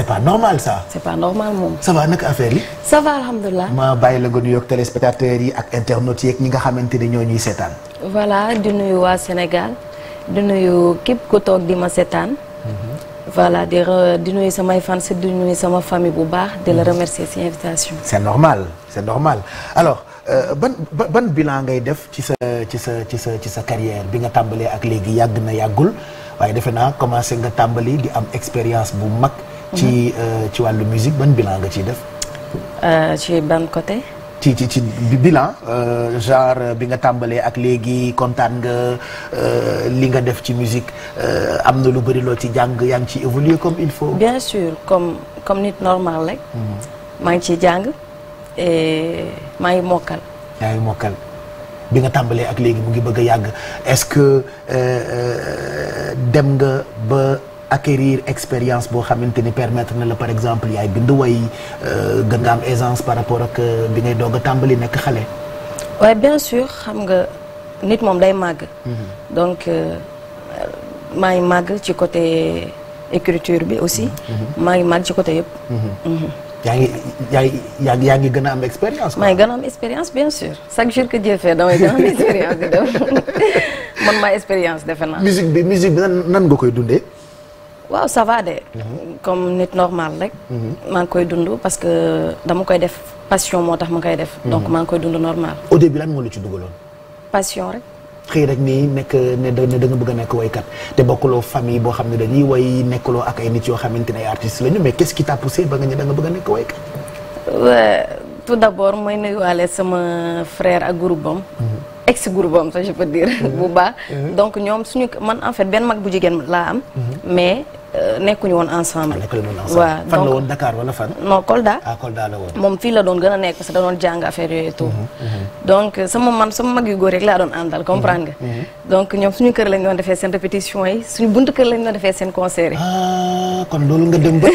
c'est pas normal ça. c'est pas normal moom. affaire yi. ça va bàyyi la nga nuyoog téléspectateurs yi ak internautes yeeg ñi nga xamante ne ñoo ñuy seetaan. voilà di waa Sénégal di képp ku toog di ma seetaan. Mhm. voilà di di nuyu samay fans di sama famille bu baax di la mhm. remercier ci invitation. c'est normal c'est alors. Euh, ban ban bilan ngay def ci sa ci sa ci sa ci sa carrière bi nga tàmbalee ak léegi yàgg na yàggul waaye defe naa commencé nga tàmbali di am expérience bu mag ci euh, ci wàllu musique ban bilan nga ciy def. Euh, ci ban côté. ci ci ci bilan euh, genre bi nga tàmbalee ak léegi kontaan nga li nga def ci musique am na lu bëri loo ci jàng yaa ngi ciy évoluer comme il faut. bien sûr comme comme nit normal rek. Mm-hmm. maa ngi ciy jàng et maa ngi mokkal. yaa ngi mokkal bi nga tàmbalee ak léegi mu ngi bëgg a yàgg est-ce que dem nga ba. acquérir expérience boo xamante ni permettre na la par exemple yaay bind way euh, gën am aisance par rapport ak euh, bi ngay doog a tàmbali nekk xale. waaye bien xam nga nit moom day màgg. Mm-hmm. donc euh, maa ngi màgg ci côté écriture bi aussi. Mm-hmm. maa ngi màgg ci côté yëpp. Mm-hmm. yaa ngi yaa yaa ngi gën a am expérience. maa ngi a am expérience bien sûr. chaque jour que Dieu man maa expérience defe naa. musique bi musique bi nan nan nga koy dundee. waaw ça va de. comme nit normal rek. Mhm. maa ngi koy dund parce que dama koy def passion moo tax ma koy def. donc mhm. maa ngi koy dund normal. au début lan moo la ci dugaloon. passion rek. xëy rek nii nekk ne da nga bëgg a nekk waykat te bokkuloo famille boo xam ne dañuy way nekkuloo ak ay nit xamante ne ay artistes lañu mais qu'est-ce qui t'a poussé tout d'abord mooy nuyuwaale sama frère ak groupe am. Mhm. ex groupe am ça je dire. bu baax donc ñoom suñu man en fait benn mag bu jigéen laa am. mais Euh, nekkuñu woon ensemble. Ah, waaw fan la woon Dakar wala fan. non Kolda. ah moom fii la doon gën a nekk parce que da doon jàng affaire yooyu et tout. Mhm, mhm. donc euh, sama man sama mag yu góor rek laa doon àndal comprendre nga. Mhm, donc ñoom suñu kër lañ doon defee seen répétition yi suñu buntu kër lañ doon defee seen concert yi. Ah, kon loolu nga dem ba.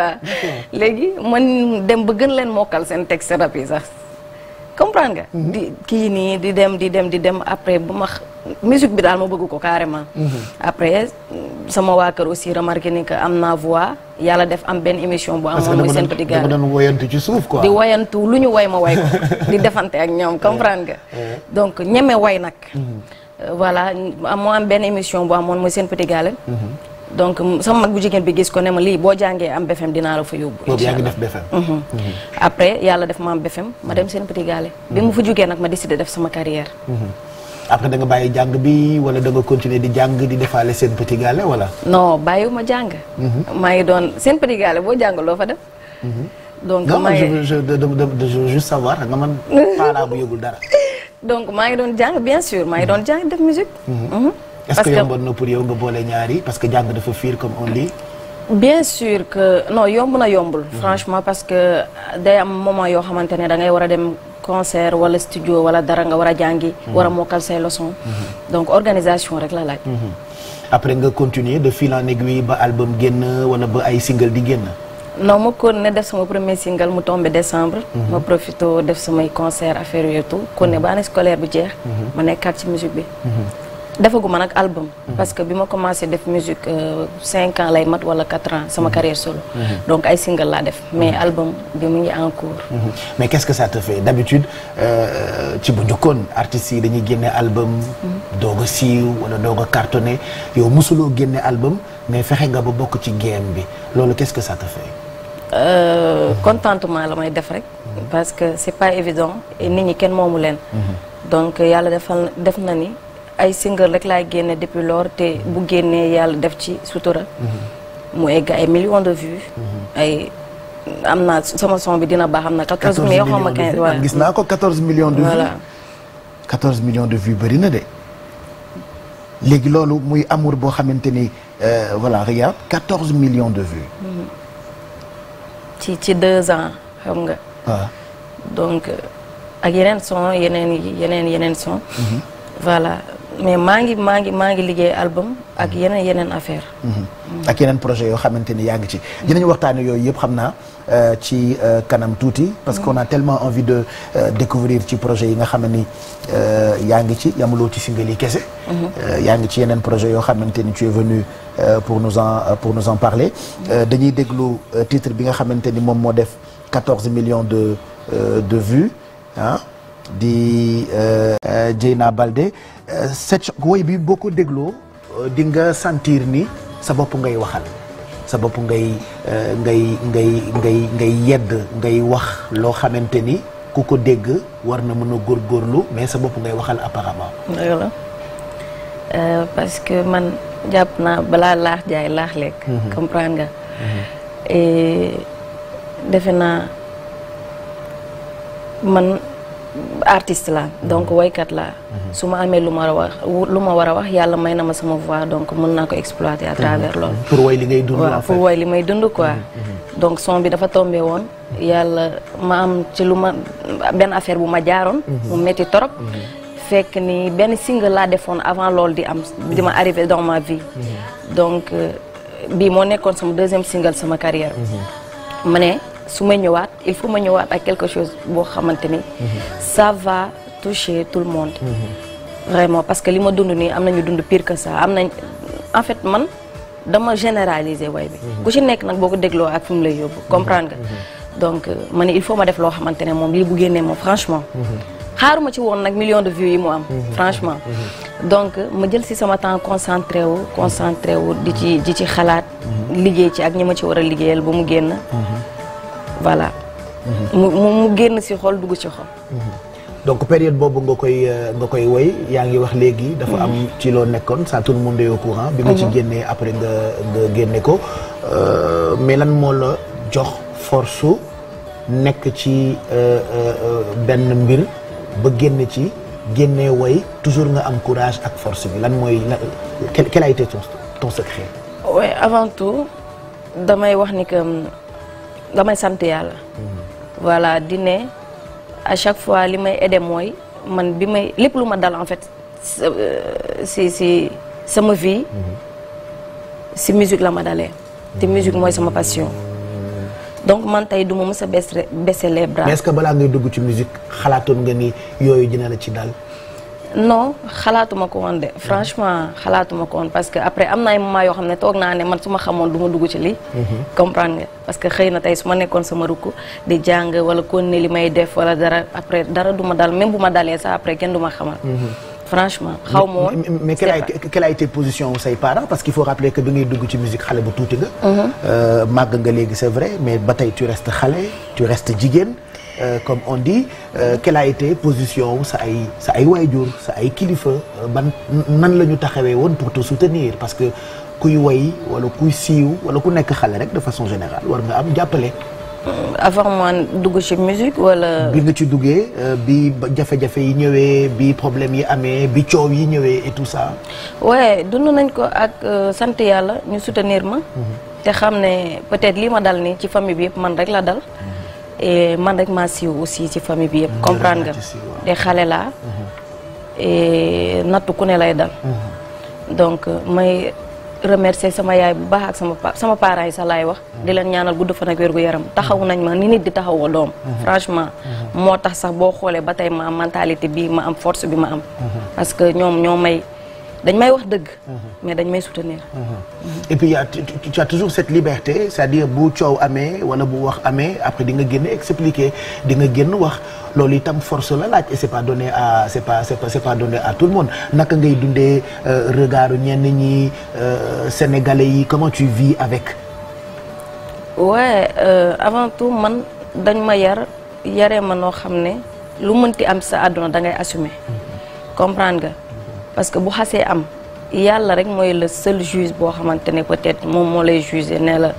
waaw léegi man dem ba gën leen mokkal seen texte rap yi comprendre nga. Mhm. di kii nii di dem di dem di dem après bu ma musique bi daal ma bëgg ko carrément. Mhm. après sama waa kër aussi remarqué ni que am naa voix yàlla def am benn émission bu amoon muy seen petit gars ci suuf quoi. di woyantu lu ñu way ma way ko di defante ak ñoom comprendre nga. donc ñeme way nag. Mhm. Euh, voilà mu am benn émission bu amoon muy seen petit gars donc sama mag bu jigéen bi gis ko ne ma lii boo jàngee am BFM dinaa la fa yóbbu. boobu yaa def BFM. Mhm. Mhm. après yàlla def ma am BFM ma dem seen petit gaale. bi mu fa jógee nag ma décidé def sama carrière. Mhm. après da nga bàyyi jàng bi wala da nga continuer di jàng di defaale seen petit gaale wala. non bàyyiwuma jàng. maa ngi doon seen petit boo jàng loo fa def. donc maa ngi je je juste savoir nga man paalaa bu yëgul dara. doon jàng bien sûr maa ngi doon jàng def musique. est-ce que yow nga boole ñaari parce que jàng dafa fiir comme on dit. bien suir que no yomb na yombul. Mhm. franchement parce que day am moment yoo xamante ne da ngay war a dem concert wala studio wala dara nga war a jàngi. Mhm. war a mokkal say leçon. Mhm. donc organisation rek la laaj. après nga continuer de fil en aiguille ba album génn wala ba ay single di génn. non ma kon ne def sama premier single mu tombé décembre. ma profito def samay concert affaire yooyu tout kon ne ba année bi jeex. ma nekkaat ci musique bi. defaguma nag album. parce que bi ma commencé def musique euh, cinq ans lay mat wala quatre ans sama mhm. carrière solo. Mhm. donc ay single laa def mais mhm. album bi mu ngi en cours. mais qu'est-ce que ça te fait d'habitude euh, ci bu njëkkoon artistes yi dañuy génne album. doog a siiw wala doog a yow mosuloo génne album mais fexe nga ba bokk ci game bi loolu qu'est-ce que ça te fait. Euh, contentement la may def rek. parce que c'est pas évident et nit ñi kenn moomu leen. donc yàlla defal def na ni. ay single rek laay génne depuis lors te bu génnee yàlla def ci sutura. mu egg ay millions de vues. ay am naa sama son bi dina baax am na. 14 millions ma 15 gis naa ko 14 millions de vues voilà de vues bëri na de. léegi loolu muy amour boo xamante ni euh, voilà regarde 14 millions de vues. Mm-hmm. ci ci deux ans xam nga. waaw ah. donc euh, ak yeneen son yeneen yeneen yeneen son. Mm-hmm. voilà. mais maa ngi maa ngi maa ngi liggéey album ak yeneen yeneen affaire mhm. ak yeneen projet yoo xamante ni yaa ngi ci dinañu mhm. waxtaane yooyu yëpp xam naa euh, ci euh, kanam tuuti parce que qu'on a mhm. tellement envie de euh, découvrir ci projet yi nga xam ne ni yaa ngi ci yamuloo ci single yi kese yaa ngi ci yeneen projet yoo xamante ni tu es venu pour nous en pour nous en parler dañuy déglu titre bi nga xamante ni moom moo def 14 millions de de vues ah di euh, euh, Dieyna Baldé cette euh, woy bi boo ko dégloo di nga sentir ni sa bopp ngay waxal sa bopp ngay ngay ngay ngay ngay yedd ngay wax loo xamante ni ku ko dégg war na mën na góor góorlu mais sa bopp ngay waxal apparemment. parce que man jàpp naa balaa laax jaay laax lekk. Mhm. comprendre nga. Mhm. et defe naa man. artiste la donc mhm. woykat la mhm. su ma amee lu ma war a wax lu ma war a wax yàlla may na ma sama voix donc mën naa ko exploiter à mhm. travers loolu. pour woy li ngay dund. li may dund quoi. donc son bi dafa tombé woon. yàlla ma am ci lu ma benn affaire bu ma jaaroon. mu métti torop. fekk ni benn single laa defoon avant loolu di am di ma arrivé dans ma vie. donc euh, bii moo nekkoon sama deuxième single sama carrière. ma ne su ma ñëwaat il faut ma ñëwaat ak quelque chose boo xamante ni ça va toucher tout le monde vraiment parce que li ma dund nii am nañu dund pire que ça am nañ en fait man dama généraliser way bi mhm. ku ci nekk nag boo ko dégloo ak fi mu lay yóbbu comprendre nga mhm. donc euh, ma ne il faut ma def loo xamante ne moom lii bu génnee moom franchement mhm. xaaruma ci woon nag million de vues yi mu am franchement donc ma jël si sama temps concentré wu concentré wu di ci di ci xalaat liggéey ci ak ñi ma ci war a liggéeyal ba mu génn voilà. Mhm. mu mu génn si xol dugg ci xol. Mhm. donc période boobu nga koy euh, nga koy woy yaa ngi wax léegi. dafa am mhm. ci loo nekkoon ça tout le monde est au courant. bi nga ci génnee après nga nga génne ko. Euh, mais lan moo la jox force su nekk ci euh, benn mbir ba génn ci génne woy toujours nga am courage ak force bi lan mooy lan quel a été avant tout damay wax ni que. damay sant yàlla. voilà di ne à chaque fois li may aidé mooy man bi may lépp lu ma dal en fait euh, si si sama vie. si musique la ma dalee. te musique mooy sama passion. donc man tey du ma mës a baisser les bras. mais balaa ngay dugg ci musique xalaatoon nga ni yooyu dina la ci dal. non xalaatuma ko woon de franchement xalaatuma ko woon parce que après am na ay moment yoo xam ne toog naa ne man suma xamoon du ma dugg ci lii. Mhm. comprendre nga parce que xëy na tey su ma nekkoon sama rukk di jàng wala kon ne li may def wala dara après dara du dal même bu ma dalee sax après kenn du ma xamal. Mhm. franchement xaw ma woon. mais quelle a position say parents parce qu'il faut rappeler que bi ngay dugg ci musique xale bu tuuti nga. Mhm. Euh, màgg nga léegi c'est vrai mais ba tey tu xale tu restes jigéen. Euh, comme on dit euh, quelle a été position sa ay sa ay waajur sa ay kilifa euh, ban nan la ñu taxawee woon pour te soutenir parce que kuy woy wala kuy siiw wala ku nekk xale rek de façon générale war nga am jàppale. avant moi dugg ci musique wala. bi nga ci duggee bi jafe-jafe yi ñëwee bi problème yi amee bi coow yi ñëwee et tout ça. waaye dund nañ ko ak sant yàlla ñu soutenir ma. Mhm. te xam ne peut-être lii ma dal nii ci famille bi yëpp man rek la dal. Mhm. man rek ma siiw aussi ci famille bi yëpp. Mm-hmm. comprendre nga te xale laa. Mm-hmm. et nattu ku ne lay dal. Mm-hmm. donc may remercier sama yaay bu baax ak sama pa sama parents yi sax laay wax. di leen ñaanal gudd fan ak wérgu yaram taxaw nañ ma ni nit di taxawoo doom. franchement moo tax sax boo xoolee ba tey ma am mentalité bi ma am force bi ma am. parce que ñoom ñoo may. dañ may wax dëgg. Mhm. mais dañ may soutenir. Mhm. et puis y' a tu as toujours cette liberté c'est-à-dire bu coow amee wala bu wax amee après di nga génn expliquer di nga génn wax loolu itam force la laaj et c'est pas donné à c'est pas c'est à tout le monde naka ngay dundee euh, regard ñenn ñi euh, sénégalais yi comment tu vis avec. waaye euh, avant tout man dañ ma yar yaree ma noo xam ne lu mënti am sa àdduna da ngay assumer mhm. comprendre nga. parce que bu xasee am yàlla rek mooy le seul juge boo xamante ne peut-être moom moo lay juger nee la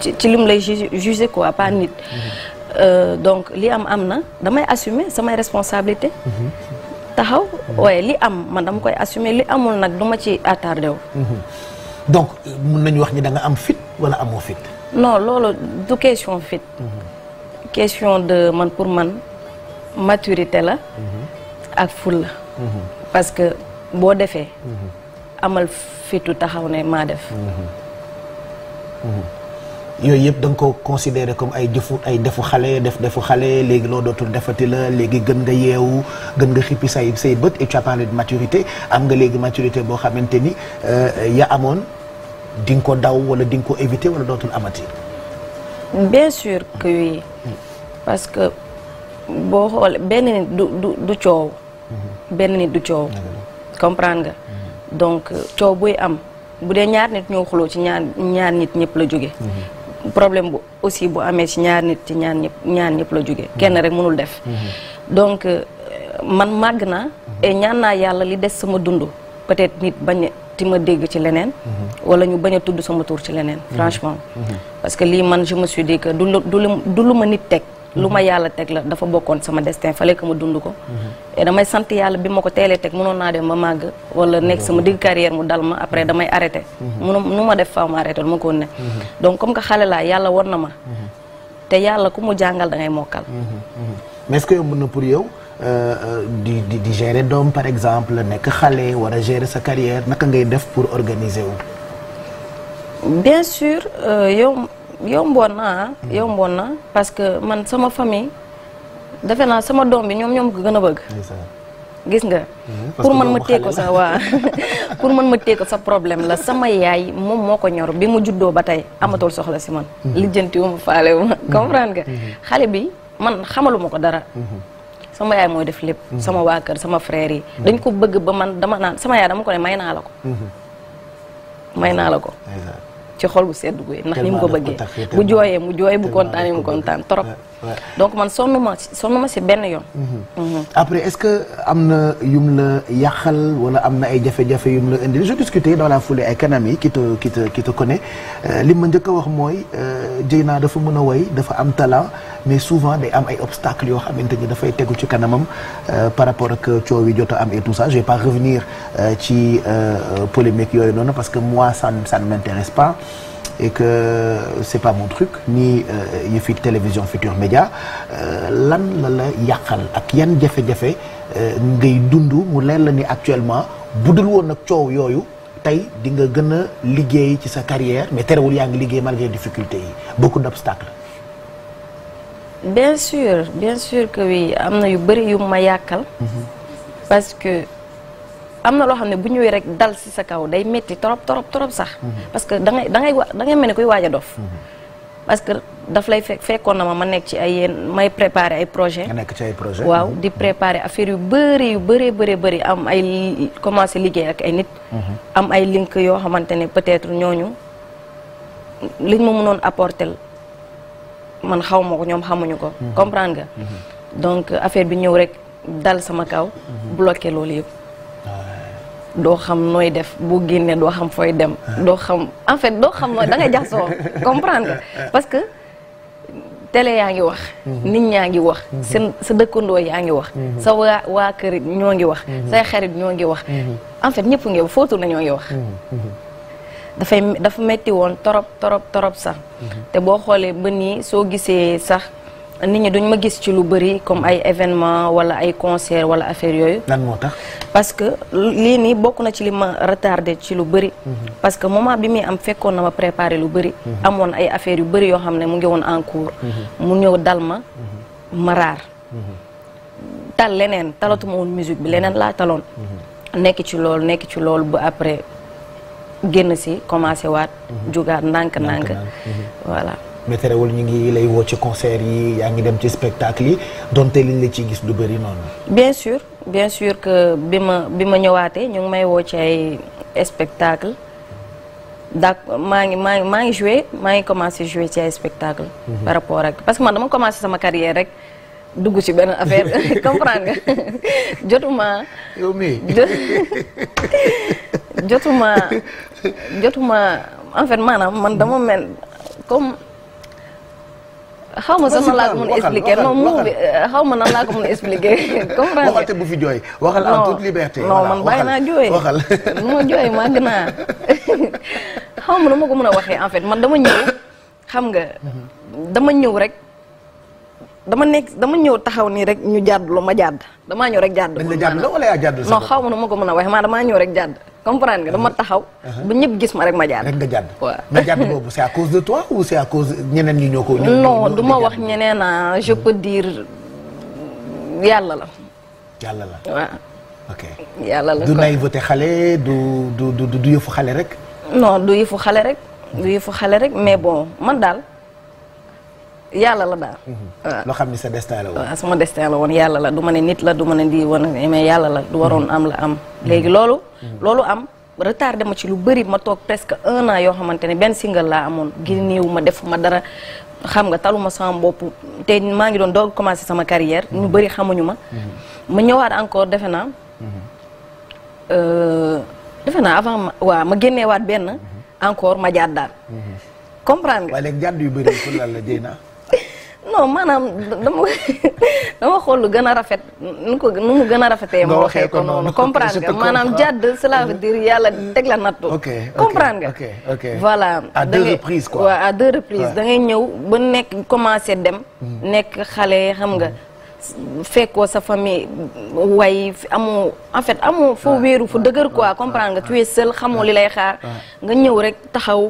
ci ci lim lay juger quoi pas nit. Mm-hmm. Euh, donc li am am na damay assume samay responsabilité mm-hmm. taxaw mm-hmm. waaye li am man dama koy assumer li amul nag du ci attardé wu. donc euh, mun nañu wax ni danga am fit wala amoo fit. non loolu du question fit. question de man pour man maturité la. ak ful la. parce que boo defee. amal fitu taxaw ne maa def. yooyu yëpp da nga ko considéré comme ay jëfu ay defu xale def defu xale léegi loo dootul defati la léegi gën nga yeewu gën nga xippi say say bët et tu as maturité am nga léegi maturité boo xamante ni euh, ya amoon di ko daw wala di nga ko éviter wala dootul amati. bien sûr que oui. Mm. parce que boo xoolee benn nit du du coow. benn nit du coow. comprendre nga. Mm-hmm. donc coow buy am bu dee ñaar nit ñoo xuloo ci ñaar ñaar nit ñëpp la jóge mm-hmm. problème bu aussi bu amee ci ñaar nit ci ñaar ñëpp ñaar ñëpp la jóge kenn mm-hmm. rek mënul def. donc euh, man màgg naa. et ñaan naa yàlla li des sama dund peut-être nit bañ ti ma dégg ci leneen. wala ñu bañ a tudd sama tuur ci leneen. franchement. parce que lii man je me lu du lu ma nit teg. lu ma yàlla teg la dafa bokkoon sama destin fallait que ma dund ko mhm. et damay sant yàlla bi ma ko teelee teg mënoon naa dem ba màgg wala nekk sama digg carrière mu dal ma après damay mhm. arrêté mhm. munu nu ma def faaw ma arrêté ma ko ne donc comme que xale laa yàlla won na ma te yàlla ku mu jàngal da ngay mokkal mais est-ce que yomb na pour yow euh, euh, di di di gérer doom par exemple nekk xale war a gérer sa carrière naka ngay def pour organiser wu bien sûr euh, yow yomboon na yomboon na parce que man sama famille defe naa sama doom bi ñoom ñoom ko gën a bëgg. gis nga. Mhm. pour man ma teg ko sa waa pour man ma teg sa problème la sama yaay moom moo ko ñor bi mu juddoo ba tey amatul soxla si man. Mhm. lijjanti wu ma faale wu ma mhm. comprendre xale bi man xamaluma ko dara. sama yaay mooy def lépp. sama waa kër sama frère yi. dañ ko bëgg ba man dama naan sama yaay dama ko ne may naa la ko. may naa la ko. ci xol bu sedd guy ndax ni mu ko bëggee bu jooyee mu jooy bu kontaanee mu kontaan trop donc man sonnuma sonnuma si benn yoon. Mm-hmm. Mm-hmm. après est-ce que am na yum la yàqal wala am na ay jafe-jafe yum la indi je discutais dans la foulée ay kanam yi ki te ki te ki euh, li ma njëkk a wax mooy Dieyna euh, dafa mën a woy dafa am tala mais souvent day am ay obstacles yoo xamante ni dafay tegu ci kanamam euh, par rapport ak coow yi jot am et tout ça je vais pas revenir ci polémique yooyu noonu parce que moi ça ça ne m'intéresse pas. et que euh, c'est pas mon nii ni euh, yu fi télévision Futur Média euh, lan la la yàqal ak yan jafe-jafe ngay dund mu leen la ni actuellement bu dul woon nag coow yooyu tey di nga gën a liggéey ci sa carrière mais terewul yaa ngi liggéey malgré difficulté yi beaucoup d'obstacles bien sûr bien sûr que oui am na yu bëri yu ma yàqal mhm. parce que am na loo xam ne bu ñëwee rek dal si sa kaw day metti torop torop torop sax. Mhm. parce que da ngay da ngay mel ni kuy waaj dof. Mhm. parce que daf lay fekk fekkoon na ma ma nekk ci ay yéen may préparer ay projet nga projet waaw mhm. di préparer affaire yu bëri yu bëree bëri bëri am ay commencé liggéey ak ay nit. am ay link yoo xamante ne peut-être ñooñu liñ ma mënoon apporter man xaw ma ko ñoom xamuñu ko. comprend nga. donc affaire bi ñëw rek dal sama kaw. bloqué loolu yëpp. doo xam nooy def boo génnee doo xam fooy dem. doo xam en fait doo xam nooy da ngay jaxasoo comprendre parce que télé yaa ngi wax. Mhm. nit ñaa ngi wax. Mhm. seen sa dëkkandoo yaa ngi wax. Mhm. sa waa waa kër ñoo ngi wax. say xarit ñoo ngi wax. en fait ñëpp ngi footu na ñoo ngi wax. dafay dafa metti woon torop torop torop sax. te boo xoolee ba nii soo gisee sax. nit ñi duñ ma gis ci lu bëri comme ay événement wala ay concert wala affaire yooyu. moo tax. parce que lii nii bokk na ci li ma retardé ci lu bëri. Mhm. parce que moment bi muy am fekkoon na ma préparer lu bëri. Mhm. amoon ay affaires yu bëri yoo xam ne mu ngi woon en cours. Mhm. mu ñëw dal ma ma tal leneen talatuma woon musique bi leneen laa taloon. nekk ci lool nekk ci lool ba après génn si commencé waat. jugaat ndànk-ndànk voilà. mais wul ñu ngi lay woo ci concert yi yaa ngi dem ci spectacle yi donte liñ la ciy gis du bëri noonu. bien sûr bien suir que bi ma bi ma ñëwaatee ñu ngi may woo ci ay spectacle daa maa ngi maa ngi maa ngi joué maa ngi commencé joué ci ay spectacle mhm. par rapport ak parce que man dama commencé sama carrière rek dugg ci benn affaire comprendre nga jotuma. yow mii jotuma jotuma en fait maanaam man dama mel comme. xaw ma sax nan laa ko mën a expliquer non mu euh, xaw ma nan laa ko mën a expliquer. comprendre waxate bu fi jooy. waxal en toute liberté. non man bàyyi naa jooy waxal nu ma jooy màgg naa xaw ma nu ma ko mën a waxee en fait man dama xam nga dama ñëw rek. dama nekk dama ñëw taxaw nii rek ñu jàddlu ma jàdd damaa ñëw rek jàdd non xaw ma nu ma ko mën a waxee maa damaa ñëw rek jàdd comprendre nga dama taxaw uh-huh. ba ñëpp gis ma rek ma jàdd rek nga jàdd waaw mais jàdd boobu c'est à cause de toi ou c'est à cause ñeneen ñi ñoo ko non ma wax ñeneena a je peux dire yàlla la yàlla la waaw xale du yëfu xale rek non yëfu xale rek du yëfu xale rek mais bon man daal yàlla la daal. Mhm. loo xam ni sa destin la woon. sama destin la woon yàlla la du ma ne nit la du ma ne di woon mais yàlla la du waroon am la am. Mhm. léegi loolu. Mhm. loolu am retardé ma ci lu bëri ma toog presque un an yoo xamante ne benn single laa amoon génneewu ma def ma dara xam nga taluma sama bopp te maa ngi doon doog commencé sama carrière ñu bëri xamuñu ma. ma ñëwaat encore defe naa. Euh, defe naa avant ma waaw ma génnewaat benn encore ma jàddaat comprendre nga. waaye léegi non maanaam dama dama xool lu gën a rafet nu ko nu mu gën a rafetee. moo waxee ko noonu comprendre nga maanaam jàdd cela veut dire yàlla teg la nattu. comprendre nga. voilà à deux reprises quoi. à deux reprises da ngay ñëw ba nekk commencé dem. Hmm. nekk xale xam nga. Hmm. fekkoo sa famille way amoo en fait amoo foo wéeru fu dëgër quoi comprendre nga tu es seul xamoo li lay xaar nga ñëw rek taxaw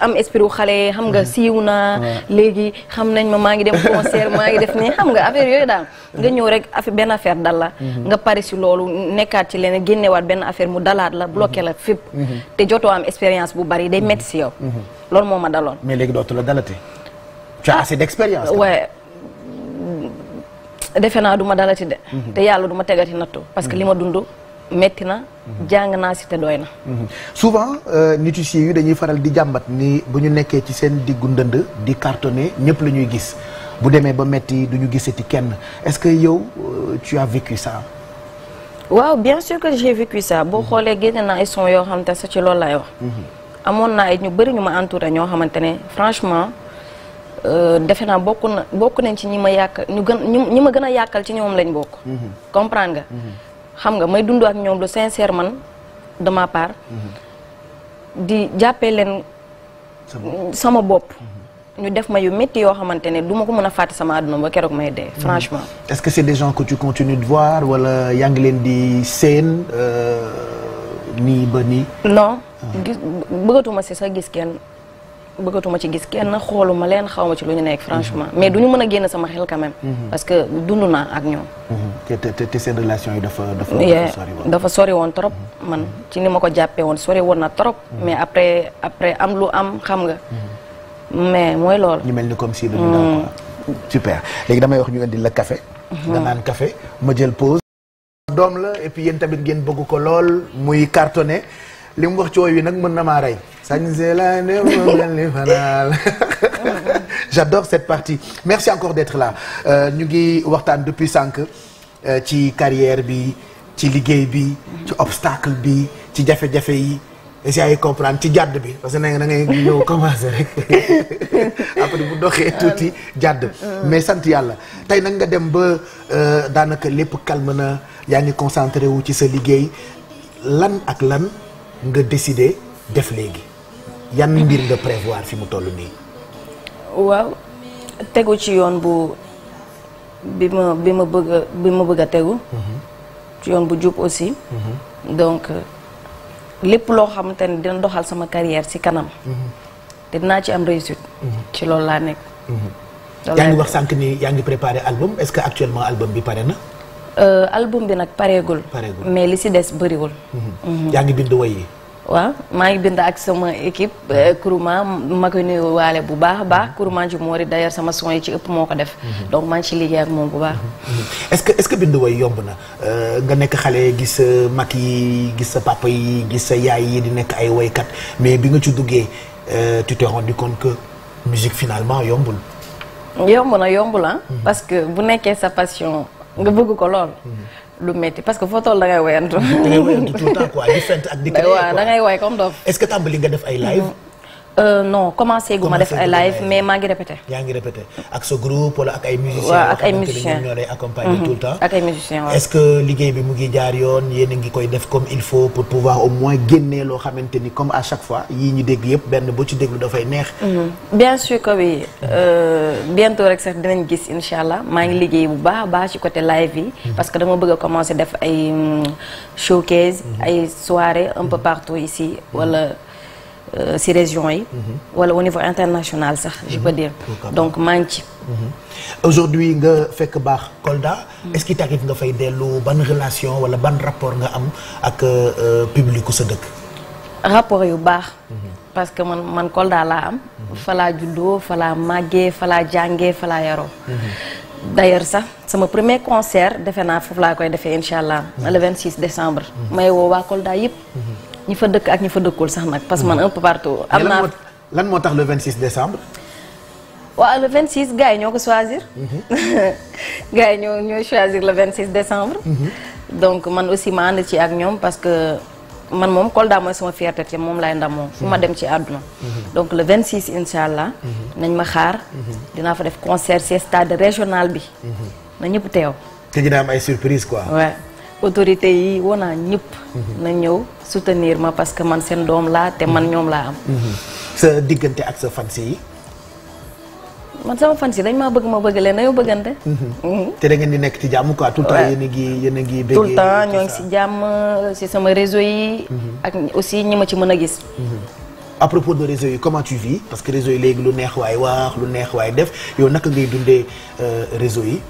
am esprit wu xale xam nga siiw naa léegi xam nañ ma maa ngi dem concert maa ngi def nii nga affaire yooyu daal nga ñëw rek affaire benn affaire dal la mhm. nga pari si loolu nekkaat ci leneen génnewaat benn affaire mu dalaat la bloqué la fépp mhm. te am expérience bu bari day metti si yow mhm. loolu moo ma daloon mais léegi dootu la dalate defe naa du ma dalati de. Mhm. te yàlla duma ma tegati nattu. parce que li ma mhm. dund metti na. Mhm. jàng naa si te doy na. souvent euh, nutritieux yi dañuy faral di jàmbat ni bu ñu nekkee ci seen diggu ndënd di cartonné ñëpp la ñuy gis bu demee ba metti du ñu gisati kenn est-ce que yow euh, tu as vécu ça. waaw bien sûr que j'ai vécu ça boo xoolee génne naa ay son yoo xamante ne ci loolu laay wax. amoon naa it ñu bëri ñu ma entouré ñoo xamante ne franchement. Euh, defe naa bokk na bokk nañ ci ñi ma yàq ñu gën ñi ma gën a yàqal ci ñoom lañ bokk. Mhm. comprendre nga. Mhm. xam nga may dund ak ñoom lu sincère man de ma part. Mhm. di jàppee leen. Mm, sama bopp. ñu def ma yu métti yoo xamante ne du ma ko mën a fàtte sama àdduna ba keroog may dee franchement. est-ce que c'est des gens que tu continues de voir wala yaa ngi leen di seen euh, nii ba nii. non ah. bëggatuma si sax gis kenn. bëggatuma ci gis kenn xoolu ma leen xaw ma ci lu ñu nekk franchement mais du ñu mën a génn sama xel quand mhm. parce que dund naa ak ñoom. Mhm. te te te seen relation yi dafa dafa sori woon. dafa sori woon trop mhm. man ci ni ma ko jàppee woon sori woon na trop. mais après après am lu am xam nga. mais mooy loolu. ñu mel ni comme si dañu mm. léegi damay wax ñu indi la café. nga naan café ma jël pause. doom la et puis yéen tamit ngeen bëgg ko lool muy cartonné. li mu wax ci wooy wi nag mën na maa rey sañse la ne ma mel ni fanaal j'adore cette partie merci encore d'être là euh, ñu ngi waxtaan depuis cinq euh, ci carrière bi ci liggéey bi ci obstacle bi ci jafe-jafe yi essayer comprendre ci jàdd bi parce que na da ngay ñëw commencer rek après bu doxee tuuti jàdd euh. mais sant yàlla tey nag nga dem ba daanaka lépp calme na yaa ngi concentré wu ci sa liggéey lan ak lan nga décider def léegi yan mbir nga prévoir fi mu toll nii. waaw tegu ci yoon bu bi ma bi ma bëgg a bi ma bëgg a tegu. Mhm. ci yoon bu jub aussi. Mhm. donc lépp loo xamante ne dina doxal sama carrière ci kanam. Mhm. te dinaa ci am réussite. ci loolu laa nekk. yaa ngi wax sànq ni yaa ngi préparé album est-ce que actuellement album bi pare na. Euh, album bi nag pareegul. pareegul mais li si des bëriwul. Mm-hmm. yaa ngi bind way yi. waaw maa ngi bind ak sama équipe euh, mm-hmm. Kourouma ma koy nuyu waale bu baax a baax mm-hmm. Kourouma ji moo di d'ailleurs sama son yi ci ëpp moo ko def. donc maa ngi ci liggéey ak moom bu baax. est-ce que est-ce que bind way yomb na euh, nga nekk xale gis sa mag yi gis sa papa yi gis sa yaay yi di nekk ay waykat mais bi nga ci duggee tu t'es rendu compte que musique finalement yombul. yomb na yombul ah. parce que bu nekkee sa passion. nga bëgg ko lool. Mm-hmm. lu metti parce que foo toll da ngay woyantu. da ngay woyantu tout le temps quoi di fent ak di. waaw da ngay woy comme dof. est-ce que nga def ay live. Mm-hmm. Euh, non commencé gu ma def ay live mais maa ngi répété. yaa ngi répété ak sa groupe wala ak ay. musiciens ak ay musiciens ñoo lay accompagner mhm. tout le temps. est-ce que liggéey bi mu ngi jaar yoon yéen ngi koy def comme il faut pour pouvoir au moins génnee loo xamante ni comme à chaque fois yii ñu dégg yëpp benn bu ci déglu dafay neex. Mhm. bien sûr que oui euh, bientôt rek sax dinañ gis incha allah maa ngi liggéey bu baax a baax ci côté live yi. Mhm. parce que dama bëgg a commencer def ay mm, showcase ay soirée un peu partout ici wala. Euh, si région yi. Mhm. wala au niveau international sax. je peux mhm. dire donc maa ngi ci. Mhm. aujourd'hui nga fekk baax Kolda. est-ce que tamit nga fay dellu ban relation wala ban rapport nga am ak euh, publiku sa dëkk. rapport yu baax. parce que man man Kolda laa am. falaa laa juddoo fa laa màggee falaa jàngee fa laa yaroo. d'ailleurs sax sama premier concert defe naa foofu laa koy defee incha allah le 26 décembre. may woo waa Kolda yëpp. ñi fa dëkk ak ñi fa dëkkul sax nag. parce que man un peu partout. am naa lan moo tax le 26 décembre. waaw le 26 gars yi ñoo ko choisir. Mhm. gars yi ñoo ñoo choisir le 26 décembre. Mhm. donc man aussi ma ànd ci ak ñoom parce que man moom Kolda mooy sama fierté te moom lay ndamoo fu ma mhm. dem ci àdduna. donc le 26 incha allah. nañ ma xaar. dinaa fa def concert ci stade régional bi. na ñëpp teew. te dina am ay surprise quoi. autorité yi wanaa ñëpp mhm. na ñëw soutenir ma parce que man seen doom laa te man mhm. ñoom laa am mhm. sa diggante ak sa fans yi man sama fans yi dañ maa bëgg ma bëgg leen dañoo bëggante te da di nekk ci jàmm quoi tout le temps yéen a ngi yéen a ngi tout temps ngi si jàmm sama réseau yi ak aussi ñi ma ci mën a gis à de réseau yi comment tu vis parce que réseau yi léegi lu neex waaye wax lu neex waaye def yow naka ngay dundee euh, réseau yi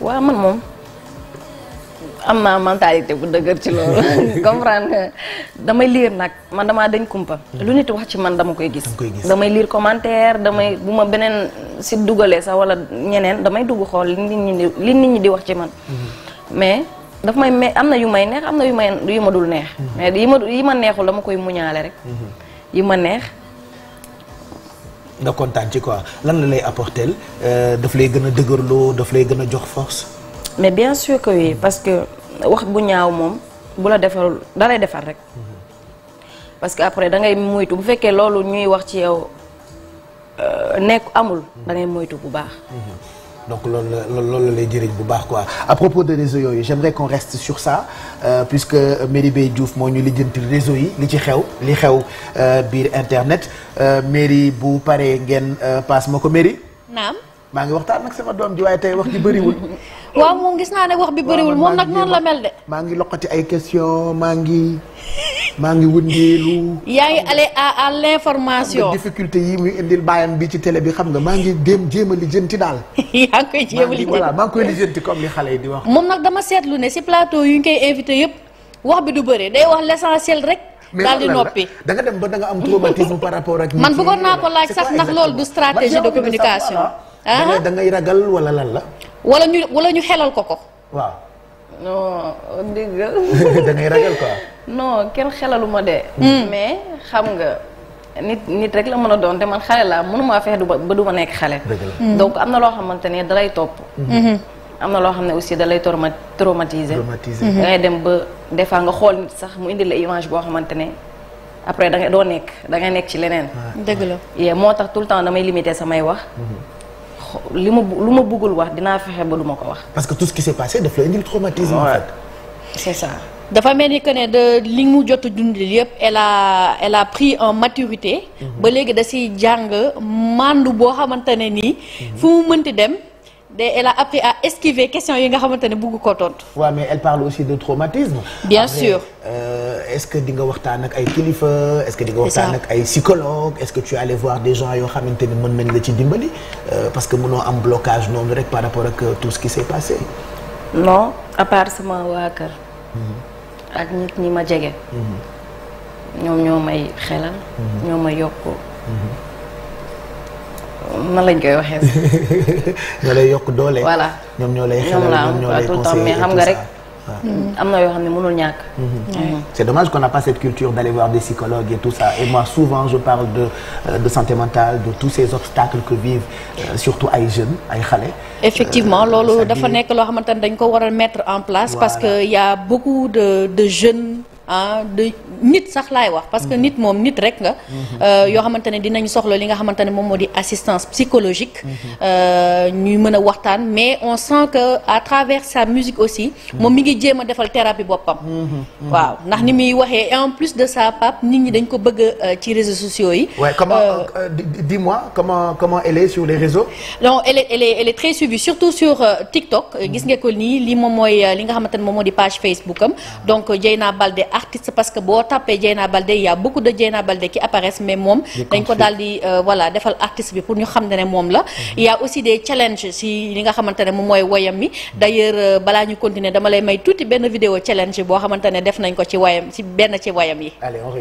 waaw man moom am naa mentalité bu dëgër ci loolu comprendre damay lire nag man damaa dañ kumpa hmm. lu nit wax ci man dama koy gis damay liir commentaire damay bu ma beneen si dugalee sax wala ñeneen damay dugg xool li nit ñi di li nit ñi di wax ci man hmm. mais daf may mais am na yu may neex am na yu may yu ma dul neex hmm. mais yi ma yi ma neexul dama koy muñaale rek yi ma neex nga kontaan ci quoi lan la lay apporter euh, daf lay gën a dëgërloo daf lay gën a jox force mais bien sûr que oui parce que wax bu ñaaw moom bu la defarul da defar rek. parce que après da ngay moytu bu fekkee loolu ñuy wax ci yow euh, nekk amul. da ngay moytu bu baax. donc loolu la loolu lay jëriñ bu baax quoi à propos de réseau yooyu j'aimerais qu'on reste sur ça euh, puisque Merry Beye Diouf moo ñu lijjanti réseau yi li ci xew li xew euh, biir internet euh, Merry bu paree ngeen passe ma ko Merry naam maa ngi waxtaan nag sama doom ji waaye tey wax ji bëriwul. waaw moom gis naa ne wax bi bëriwul moom nag noonu la mel de. maa ngi loqati ay question maa ngi maa ngi wëndeelu. yaa ngi allé à à l'information. difficulté yi muy indil bàyyam bi ci télé bi xam nga maa ngi dem jéem a lijjanti daal. yaa ngi koy jéem a lijjanti voilà maa ngi koy lijjanti comme li xale yi di wax. moom nag dama seetlu ne si plateau yu ñu koy invité yëpp wax bi du bëri day wax l'essentiel rek. daal di noppi da dem ba da nga am traumatisme man bëggoon naa ko laaj sax ndax loolu du stratégie de communication. ah da ngay ragal wala lan la. wala ñu wala ñu xelal ko ko. waaw. non dégg nga. da ngay ragal quoi. kenn xelalu ma de. Hmm. mais xam nga. nit nit rek la mën a doon te man xale laa mënumaa fexe du ba du ma nekk xale. Hmm. donc am na loo xamante ne dalay topp. Hmm. am na loo xam ne aussi dalay lay trauma traumatiser. traumatiser da dem ba des fois nga xool nit sax mu indi la image boo xamante ne après da nga doo nekk da ngay nekk ci leneen. dëgg la et moo tax tout le temps damay limiter samay wax. Mhm. li ma lu ma buggul wax dinaa fexe ba lu ma ko wax. parce que tout ce qui s'est passé daf lay indil traumatisme. en dafa mel ni que ne de li mu jot a dund yëpp elle a elle a pris en maturité. Mhm. ba léegi da siy jàng màndu boo xamante ne nii. Mhm. fu mu mënti dem. de elle a appris à question yi nga xamante ne bëgg koo tontu. waaw mais elle parle aussi de traumatisme. bien Après, sûr euh, est-ce nga waxtaan ak ay kilifa. est-ce que di waxtaan ak ay psychologue est-ce que tu es allé voir des gens yoo xamante ne mën nañ la ci dimbali euh, parce que mënoo am blocage noonu rek par rapport ak euh, tout ce qui s'est passé. non à part sama waa kër. Mhm. ak nit ñi ma jege. Mhm. ñoom ñoo may xelal. Mhm. ñoo ma yokk. nan lañ koy waxee. ñoo lay yokk doole. voilà ñoom ñoo lay xelal ñoom ñoo lay conseiller mais xam nga rek. Mm, am na yoo xam ne mënul ñàkk. Mm-hmm. c'est dommage ko n'a pas cette culture d'aller voir des psychologues et tout ça et moi souvent je parle de euh, de santé mentale de tous ces obstacles que vivent euh, surtout ay jeunes ay xale. effectivement euh, loolu dafa nekk loo xamante ne dañ ko war a mettre en place. parce que y a beaucoup de de jeunes. ah nit sax laay wax. parce que nit moom nit rek nga. Euh, yoo xamante ne dinañ soxla li nga xamante ne moom moo di assistance psychologique. Euh, ñuy mën a waxtaan mais on sent que à travers sa musique aussi. moom mi ngi jéem a defal thérapie boppam. waaw ndax ni muy waxee en plus de sa Pape nit ñi dañ ko bëgg euh, ci réseaux sociaux yi. waaw comment dis-moi comment comment elle est sur les réseaux. non elle est très suivie sur TikTok. gis nga ko nii li moom mooy li nga xamante ne moom moo di page Facebook am artiste parce que boo tapé Dieyna Baldé y a beaucoup de Dieyna Baldé moom dañ ko daal di euh, voilà defal artiste bi pour ñu xam ne moom la mhm. y a aussi des challenges si li nga xamante ne moom mooy woyam mi d'ailleurs euh, balaa ñu continuer dama lay may tuuti benn vidéo challenge boo xamante ne def nañ ko ci woyam ci benn ci woyam yi allez on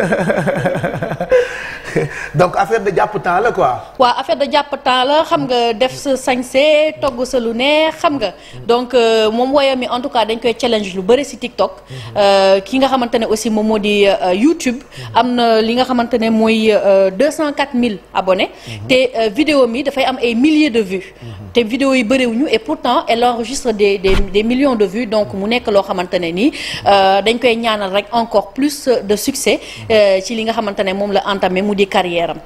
donc affaire de jàpp temps la quoi. waaw affaire de jàpp temps la xam nga def sa sañse togg sa lu neex xam nga. donc euh, moom woyam yi en tout cas dañ koy challenge lu bëri si TikTok. Mhm. Euh, ki nga xamante ne aussi moom moo di euh, YouTube. Mhm. am na li nga xamante ne mooy mille abonnés. Mhm. te video mi dafay am ay milliers de vues. te vidéo yi bëriwuñu et pourtant elle enregistre des des des millions de vues donc mu nekk loo xamante ne nii euh, dañ koy ñaanal rek encore plus de succès euh, ci li nga xamante ne moom la entamé mu di carrière am.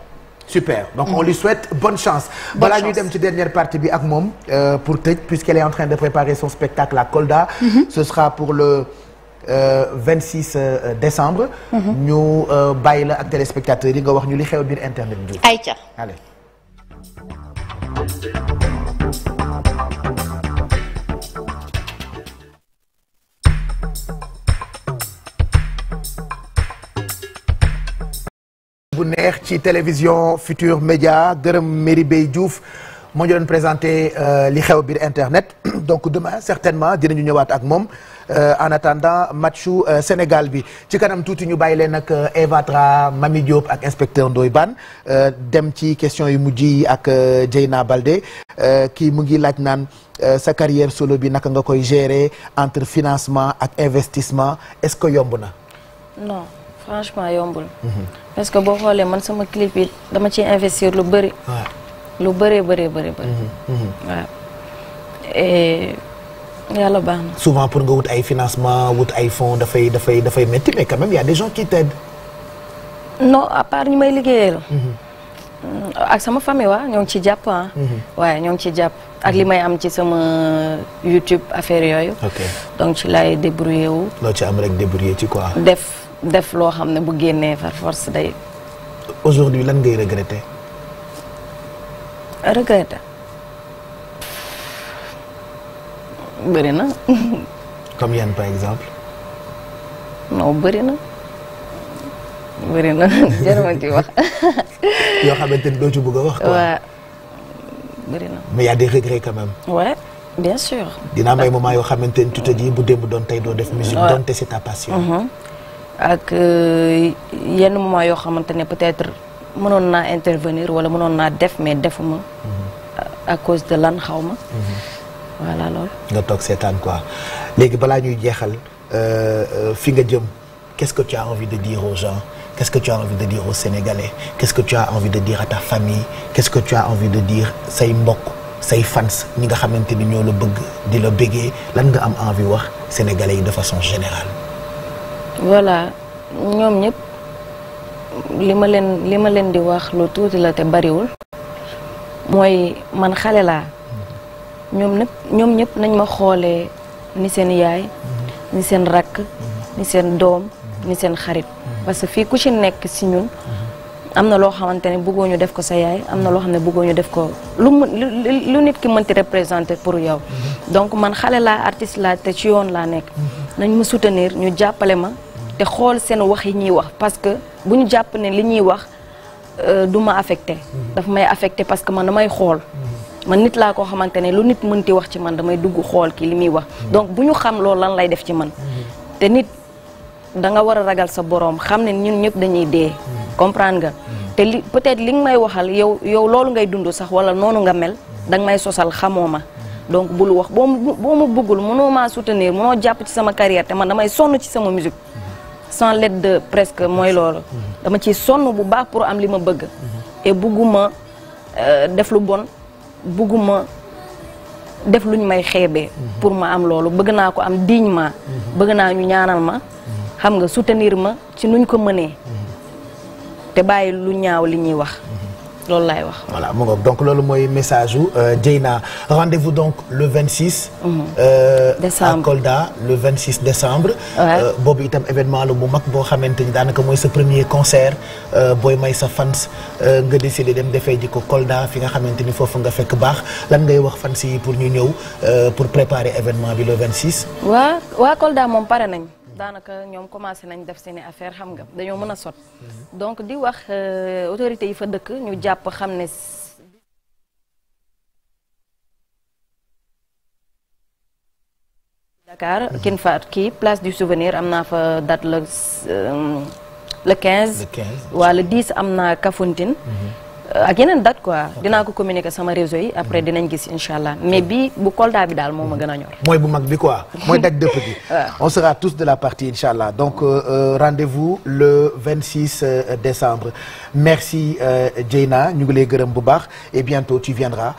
super donc on mm. lui souhaite bonne chance. balaa ñuy dem ci dernière partie bi ak moom euh, pour tëj puisqu'elle est en de préparer son spectacle à Kolda. Mm -hmm. ce sera pour le euh, 26 décembre. Mm-hmm. ñu bàyyi la ak téléspectateurs yi nga wax ñu li xew biir internet bi. ay allez. neex ci télévision Futur Média gërëm Merry Beye Diouf moo ñu doon présenté euh, li xew biir internet donc demain certainement dinañu ñëwaat ak moom euh, en attendant matchu euh, Sénégal bi ci kanam tuuti ñu bàyyi leen ak Eva Mami Diop ak inspecteur Ndoye Bane dem ci question yu mujj yi ak Dieyna Baldé kii mu ngi laaj naan sa carrière solo bi naka nga koy gérer entre financement ak investissement est-ce que yomb na. franchement yombul. parce que boo xoolee man sama clip yi dama ciy investir lu bëri. lu bëree bëree bëri bëri. waaw et baax na. souvent pour nga wut ay financement wut ay fonds dafay dafay dafay métti mais quand même y a des gens à part ñu may liggéeyal. Mhm. Mm, ak sama famille waa ñoo ngi ci jàpp ah. waaye mhm. ñoo ngi ci jàpp ak li may am ci sama YouTube affaire yooyu. donc ci laay débrouiller wu. loo ci am rek débrouiller ci quoi. def. def loo xam ne bu génnee par force day. aujourd'hui lan ngay regretter. regretter. bëri na. comme yan par exemple. non bëri na. bëri na jarama ci wax. yoo xamante ni doo ci bëgg wax. waaw bëri na. mais y a des regrets waaye même. ouais bien sûr. dina am ay yoo xamante ni tu te dis bu démb doon tey doo def musique doonte c'est ta ak euh, yenn moment yoo xamante ne peut-être mënoon naa intervenir wala mënoon naa def mais defuma. Mhm. à cause de lan xaw ma. Mhm. voilà loolu. nga toog seetaan quoi léegi balaa ñuy jeexal euh, euh, fi nga jëm qu'est-ce que tu as envie de dire aux gens que tu as envie de dire aux Sénégalais qu'est-ce que tu as envie de dire à ta famille qu'est-ce que tu as envie de dire say mbokk say fans ñi nga xamante ni ñoo la bëgg di la bëggee lan nga am envie wax Sénégalais yi de façon général voilà ñoom ñëpp li ma leen li ma leen di wax lu tuuti la te bariwul mooy man xale laa ñoom ñëpp ñoom ñëpp nañ ma xoolee ni seen yaay ni seen rakk ni seen doom ni seen xarit parce que fii ku ci nekk si ñun am na loo xamante ne bëggoo ñu def ko sa yaay am na loo xam ne bëggoo ñu def ko lu mu lu nit ki mënti représenter pour yow. Mm-hmm. donc man xale laa artiste laa te ci yoon laa nekk. Mm-hmm. nañ ma soutenir ñu jàppale ma. te xool seen wax yi ñuy wax parce que bu ñu jàpp ne li ñuy wax euh, du ma affecté. Mm-hmm. daf may affecté parce que man may xool. man nit laa koo xamante ne lu nit mënti wax ci man damay dugg xool ki li muy wax. donc bu ñu xam lool lan lay def ci man. te nit da nga war a ragal sa boroom xam ne ñun ñëpp dañuy dee. comprendre nga. Mm-hmm. te li peut-être li nga may waxal yow yow loolu ngay dund sax wala noonu nga mel mm-hmm. danga may sosal xamoo ma. Mm-hmm. donc bul wax boo mu boo ma bëggul mënoo maa soutenir mënoo jàpp ci sama carrière te man damay sonn ci sama musique sans l'aide de presque mooy loolu. dama ciy sonn bu baax pour am li ma bëgg. bugguma euh, def bon bugguma def luñ may xeebee. pour ma am loolu bëgg naa ko am dignement. bëgg naa ñu ñaanal ma. xam nga soutenir ma ci nuñ ko mënee. te bàyyi lu ñaaw li ñuy wax mhm. loolu laay wax. voilà mu ngoog donc loolu mooy message wu u euh, naa rendez-vous donc le 26. Mhm. Euh, décembre à Kolda le 26 décembre. Euh, boobu itam événement la bu mag boo xamante ni daanaka mooy sa premier concert booy may sa fans nga décidé dem defee ji ko Kolda fi nga xamante ni foofu nga fekk baax lan ngay wax fans yi pour ñu ñëw pour préparer événement bi le 26. waa Kolda moom pare nañ daanaka ñoom commencé nañ def seeni affaire xam nga mm-hmm. dañoo mën a sot mm-hmm. donc di wax euh, autorités yi fa dëkk ñu jàpp xam ne Dakar mm-hmm. kin fa kii place du souvenir am naa fa date le euh, le 15 waa le 10 am naa Kafountine Euh, ak yeneen date quoi dinaa ko communiquer sama réseau yi après dinañ gis incha allah mais bii bu Kolda bi daal moom ma gën a ñor. mooy bu mag bi quoi mooy date dëpp bi. on sera tous de la partie incha allah donc euh, euh, rendez-vous le 26 euh, décembre merci Dieyna ñu ngi lay gërëm bu baax et bientôt tu viendras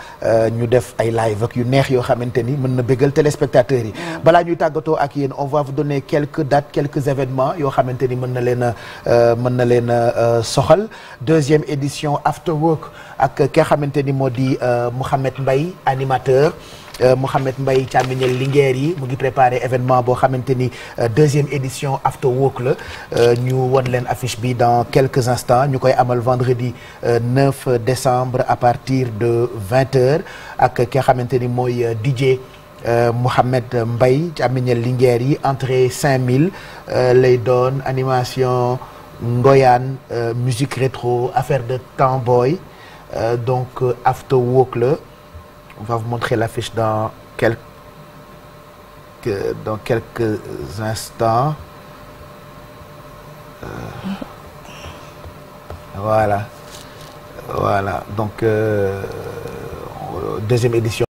ñu def ay live ak yu neex yoo xamante ni mën na bëggal téléspectateurs yi. balaa ñuy tàggatoo ak yéen on va vous donner quelques dates quelques événements yoo xamante ni mën na leen a mën na leen a soxal deuxième édition Work ak ki nga xamante ni moo di euh, Mouhamed mbay animateur euh, Mouhamed Mbaye càmmiñel Linguère yi mu ngi préparé événement boo xamante ni euh, deuxième édition after work la ñu won leen affiche bi dans quelques instants ñu koy amal vendredi 9 décembre à partir de 20 heures ak ki nga xamante ni mooy DJ Mouhamed Mbaye càmmiñel Linguère yi entrée 5000 lay doon animation. Ngoyaan euh, musique rétro affaire de temps boy euh, donc euh, after work la on va vous montrer l'affiche dans quelques instants voilà voilà donc deuxième édition